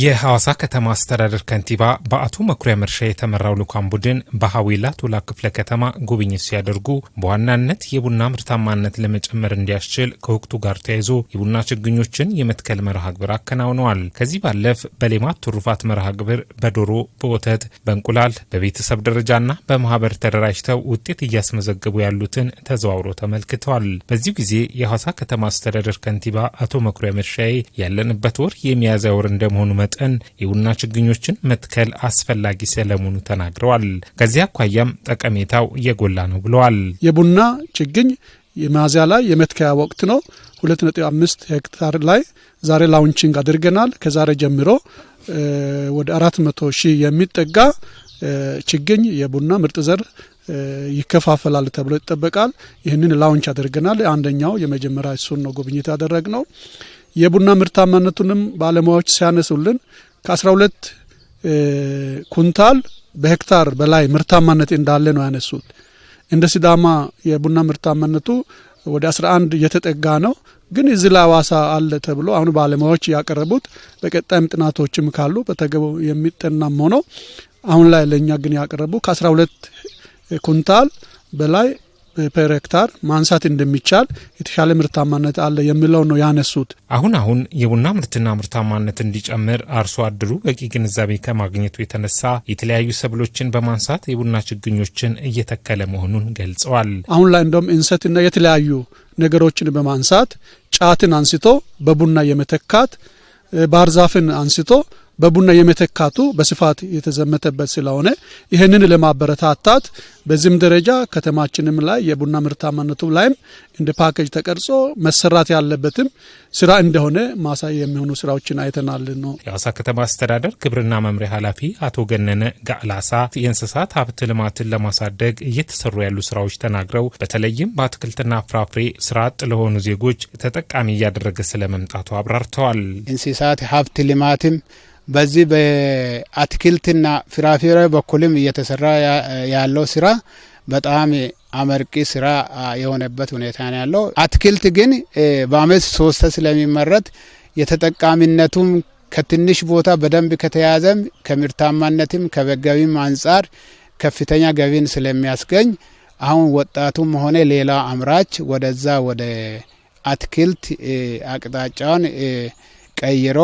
የሐዋሳ ከተማ አስተዳደር ከንቲባ በአቶ መኩሪያ መርሻ የተመራው ልዑካን ቡድን በሀዊላ ቶላ ክፍለ ከተማ ጉብኝት ሲያደርጉ በዋናነት የቡና ምርታማነት ለመጨመር እንዲያስችል ከወቅቱ ጋር ተያይዞ የቡና ችግኞችን የመትከል መርሃ ግብር አከናውነዋል። ከዚህ ባለፍ በሌማት ትሩፋት መርሃ ግብር በዶሮ፣ በወተት፣ በእንቁላል በቤተሰብ ደረጃና በማህበር ተደራጅተው ውጤት እያስመዘገቡ ያሉትን ተዘዋውሮ ተመልክተዋል። በዚሁ ጊዜ የሐዋሳ ከተማ አስተዳደር ከንቲባ አቶ መኩሪያ መርሻዬ ያለንበት ወር የሚያዝያ ወር እንደመሆኑ መጠን የቡና ችግኞችን መትከል አስፈላጊ ስለመሆኑ ተናግረዋል። ከዚህ አኳያም ጠቀሜታው እየጎላ ነው ብለዋል። የቡና ችግኝ ሚያዝያ ላይ የመትከያ ወቅት ነው። 2.5 ሄክታር ላይ ዛሬ ላውንቺንግ አድርገናል። ከዛሬ ጀምሮ ወደ 400 ሺህ የሚጠጋ ችግኝ የቡና ምርጥ ዘር ይከፋፈላል ተብሎ ይጠበቃል። ይህንን ላውንች አድርገናል። አንደኛው የመጀመሪያ እሱን ነው ጉብኝት ያደረግ ነው። የቡና ምርታማነቱንም ባለሙያዎች ሲያነሱልን ከ12 ኩንታል በሄክታር በላይ ምርታማነት እንዳለ ነው ያነሱት። እንደ ሲዳማ የቡና ምርታማነቱ ወደ 11 እየተጠጋ ነው። ግን እዚህ ላይ አዋሳ አለ ተብሎ አሁን ባለሙያዎች ያቀረቡት በቀጣይም ጥናቶችም ካሉ በተገቡ የሚጠናም ሆኖ አሁን ላይ ለእኛ ግን ያቀረቡ ከ12 ኩንታል በላይ ፐር ሄክታር ማንሳት እንደሚቻል የተሻለ ምርታማነት አለ የሚለው ነው ያነሱት። አሁን አሁን የቡና ምርትና ምርታማነት እንዲጨምር አርሶ አደሩ በቂ ግንዛቤ ከማግኘቱ የተነሳ የተለያዩ ሰብሎችን በማንሳት የቡና ችግኞችን እየተከለ መሆኑን ገልጸዋል። አሁን ላይ እንደውም እንሰትና የተለያዩ ነገሮችን በማንሳት ጫትን አንስቶ በቡና የመተካት ባህር ዛፍን አንስቶ በቡና የመተካቱ በስፋት የተዘመተበት ስለሆነ ይህንን ለማበረታታት በዚህም ደረጃ ከተማችንም ላይ የቡና ምርታማነቱ ላይም እንደ ፓኬጅ ተቀርጾ መሰራት ያለበትም ስራ እንደሆነ ማሳይ የሚሆኑ ስራዎችን አይተናል ነው። የአዋሳ ከተማ አስተዳደር ግብርና መምሪያ ኃላፊ አቶ ገነነ ጋላሳ የእንስሳት ሀብት ልማትን ለማሳደግ እየተሰሩ ያሉ ስራዎች ተናግረው በተለይም በአትክልትና ፍራፍሬ ስራ አጥ ለሆኑ ዜጎች ተጠቃሚ እያደረገ ስለመምጣቱ አብራርተዋል። እንስሳት ሀብት ልማትም በዚህ በአትክልትና ፍራፍሬ በኩልም እየተሰራ ያለው ስራ በጣም አመርቂ ስራ የሆነበት ሁኔታ ነው ያለው። አትክልት ግን በአመት ሶስተ ስለሚመረት የተጠቃሚነቱም ከትንሽ ቦታ በደንብ ከተያዘም ከምርታማነትም ከገቢም አንጻር ከፍተኛ ገቢን ስለሚያስገኝ አሁን ወጣቱም ሆነ ሌላ አምራች ወደዛ ወደ አትክልት አቅጣጫውን ቀይሮ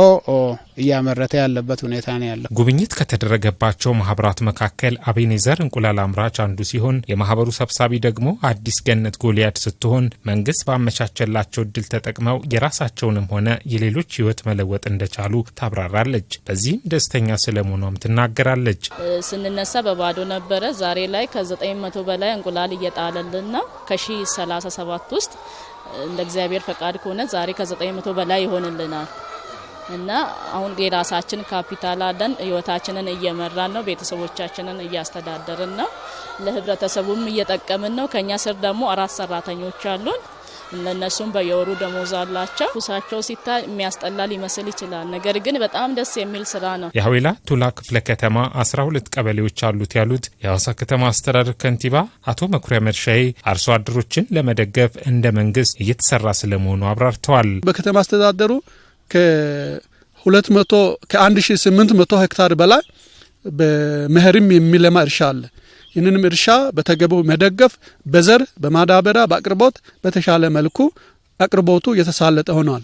እያመረተ ያለበት ሁኔታ ነው ያለው። ጉብኝት ከተደረገባቸው ማህበራት መካከል አቤኔዘር እንቁላል አምራች አንዱ ሲሆን የማህበሩ ሰብሳቢ ደግሞ አዲስ ገነት ጎልያድ ስትሆን መንግስት ባመቻቸላቸው እድል ተጠቅመው የራሳቸውንም ሆነ የሌሎች ህይወት መለወጥ እንደቻሉ ታብራራለች። በዚህም ደስተኛ ስለመሆኗም ትናገራለች። ስንነሳ በባዶ ነበረ። ዛሬ ላይ ከ መቶ በላይ እንቁላል እየጣለልን ነው ከሺ ሰላሳ ውስጥ እንደ እግዚአብሔር ፈቃድ ከሆነ ዛሬ ከ መቶ በላይ ይሆንልናል። እና አሁን የራሳችን ካፒታል አለን። ህይወታችንን እየመራን ነው። ቤተሰቦቻችንን እያስተዳደርን ነው። ለህብረተሰቡም እየጠቀምን ነው። ከኛ ስር ደግሞ አራት ሰራተኞች አሉን። እነሱም በየወሩ ደሞዝ አላቸው። ኩሳቸው ሲታይ የሚያስጠላ ሊመስል ይችላል፣ ነገር ግን በጣም ደስ የሚል ስራ ነው። የሀዌላ ቱላ ክፍለ ከተማ 12 ቀበሌዎች አሉት ያሉት የሐዋሳ ከተማ አስተዳደር ከንቲባ አቶ መኩሪያ መርሻዬ አርሶ አደሮችን ለመደገፍ እንደ መንግስት እየተሰራ ስለመሆኑ አብራርተዋል። በከተማ አስተዳደሩ ከ200 ከ1800 ሄክታር በላይ በመኸርም የሚለማ እርሻ አለ። ይህንንም እርሻ በተገበው መደገፍ በዘር በማዳበሪያ በአቅርቦት በተሻለ መልኩ አቅርቦቱ የተሳለጠ ሆኗል።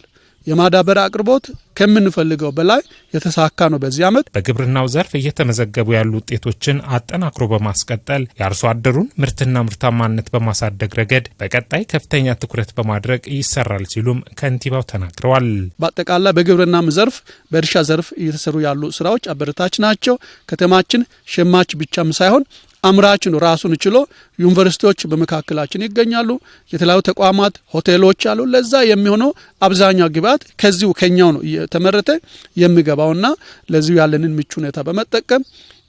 የማዳበር አቅርቦት ከምንፈልገው በላይ የተሳካ ነው። በዚህ ዓመት በግብርናው ዘርፍ እየተመዘገቡ ያሉ ውጤቶችን አጠናክሮ በማስቀጠል የአርሶ አደሩን ምርትና ምርታማነት በማሳደግ ረገድ በቀጣይ ከፍተኛ ትኩረት በማድረግ ይሰራል ሲሉም ከንቲባው ተናግረዋል። በአጠቃላይ በግብርናም ዘርፍ በእርሻ ዘርፍ እየተሰሩ ያሉ ስራዎች አበረታች ናቸው። ከተማችን ሸማች ብቻም ሳይሆን አምራች ነው ራሱን ችሎ። ዩኒቨርሲቲዎች በመካከላችን ይገኛሉ። የተለያዩ ተቋማት፣ ሆቴሎች አሉ። ለዛ የሚሆነው አብዛኛው ግብአት ከዚሁ ከኛው ነው እየተመረተ የሚገባውና ለዚሁ ያለንን ምቹ ሁኔታ በመጠቀም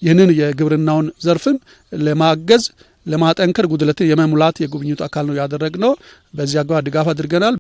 ይህንን የግብርናውን ዘርፍም ለማገዝ ለማጠንከር ጉድለትን የመሙላት የጉብኝቱ አካል ነው ነው በዚህ አግባ ድጋፍ አድርገናል።